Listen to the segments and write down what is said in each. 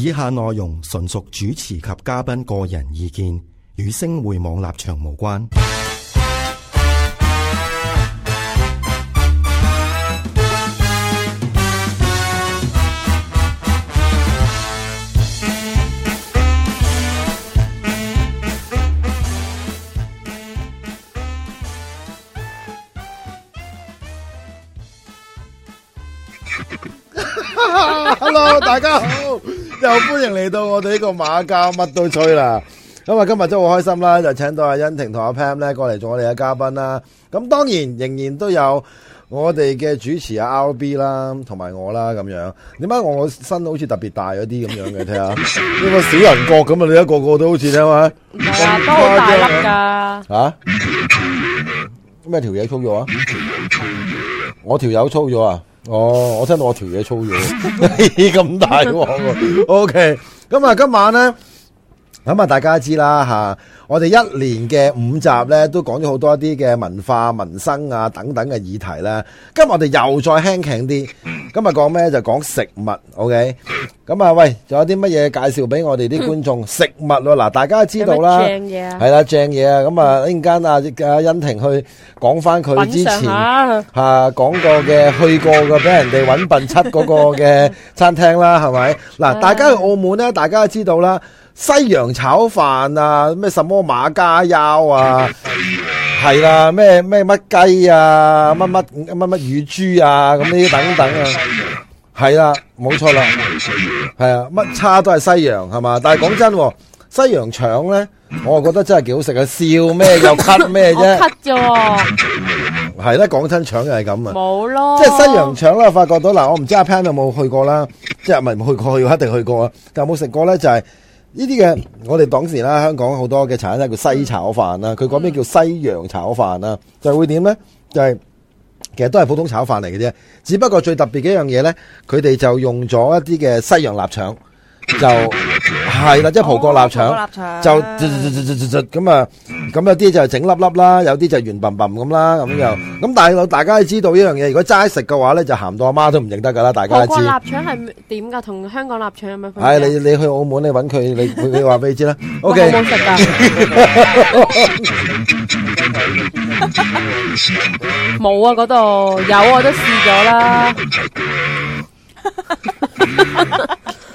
以下內容純屬主持及嘉賓個人意見，與星匯網立場無關。Hello，大家好。 又歡迎嚟到我哋呢個馬交乜都吹啦，咁啊今日真係好開心啦，就請到阿欣婷同阿 Pam 咧，過嚟做我哋嘅嘉賓啦。咁當然仍然都有我哋嘅主持阿 LB 啦，同埋我啦咁樣。點解我身好似特別大咗啲咁樣嘅？睇下呢個小人國咁啊！你一個個都好似啊嘛，都好大粒噶。吓咩，條嘢粗咗啊？我條友粗咗啊？哦，我聽到我條嘢粗咗，咁大喎。OK，咁啊，今晚咧。咁啊，大家知啦吓，我哋一年嘅五集咧，都講咗好多一啲嘅文化、民生啊等等嘅議題咧。今日我哋又再輕輕啲，今日講咩就講食物，OK？咁啊，喂，仲有啲乜嘢介紹俾我哋啲觀眾食物咯嗱？大家都知道啦，正嘢，係啦，正嘢啊！咁啊，突然間啊，阿欣婷去講翻佢之前吓講過嘅去過嘅俾人哋搵笨七嗰個嘅餐廳啦，係咪？嗱，大家去澳門咧，大家都知道啦。西洋炒飯啊，咩什麼馬介休啊，係啦，咩咩乜雞啊，乜乜乜乜乳豬啊，咁呢啲等等啊，係啦，冇錯啦，係啊，乜叉都係西洋係嘛。但係講真，西洋腸咧，我啊覺得真係幾好食啊，笑咩又咳咩啫，係咧，講真腸又係咁啊，冇咯，即係西洋腸啦。發覺到嗱，我唔知阿 Pan 有冇去過啦，即係咪係唔去過，佢又一定去過啊。但係冇食過咧，就係。呢啲嘅我哋當時啦，香港好多嘅茶餐廳咧叫西炒飯啦，佢嗰邊叫西洋炒飯啦，就會點呢？就係、係、其實都係普通炒飯嚟嘅啫，只不過最特別嘅一樣嘢呢，佢哋就用咗一啲嘅西洋臘腸。就係啦，即係葡國臘腸，就咁啊，咁有啲就整粒粒啦，有啲就圓冧冧咁啦，咁又咁，但係我大家知道呢樣嘢，如果齋食嘅話咧，就鹹到阿媽都唔認得噶啦，大家知。葡國臘腸係點噶？同香港臘腸有咩？係你你去澳門，你搵佢，你你話俾你知啦。我冇食噶，冇啊，嗰度有我都試咗啦。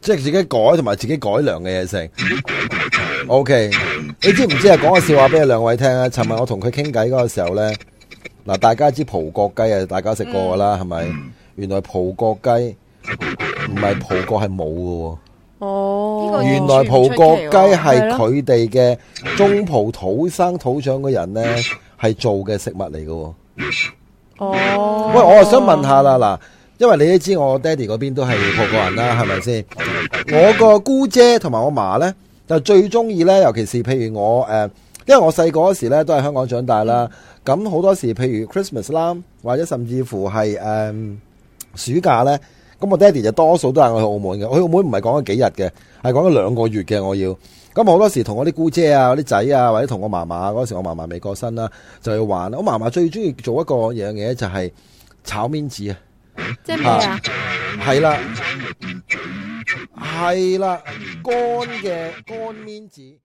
即係自己改同埋自己改良嘅嘢食。O、okay. K，、嗯、你知唔知啊？講個笑話俾你兩位聽啊！尋日我同佢傾偈嗰個時候呢，嗱，大家知葡國雞啊，大家食過噶啦，係咪？原來葡國雞唔係葡國係冇噶喎。哦，原來葡國雞係佢哋嘅中葡土生土長嘅人呢，係做嘅食物嚟噶。哦，喂，我又想問下啦，嗱。因為你都知我爹哋嗰邊都係個個人啦，係咪先？我個姑姐同埋我嫲呢，就最中意呢。尤其是譬如我誒、呃，因為我細個嗰時咧都係香港長大啦。咁好多時譬如 Christmas 啦，或者甚至乎係誒、呃、暑假呢，咁我爹哋就多數都係去澳門嘅。我去澳門唔係講咗幾日嘅，係講咗兩個月嘅。我要咁好多時同我啲姑姐啊、我啲仔啊，或者同我嫲嫲嗰時，我嫲嫲未過身啦，就要玩。我嫲嫲最中意做一個樣嘢就係、是、炒麵子。啊！即係咩啊？係啦，係啦，乾嘅乾麵子。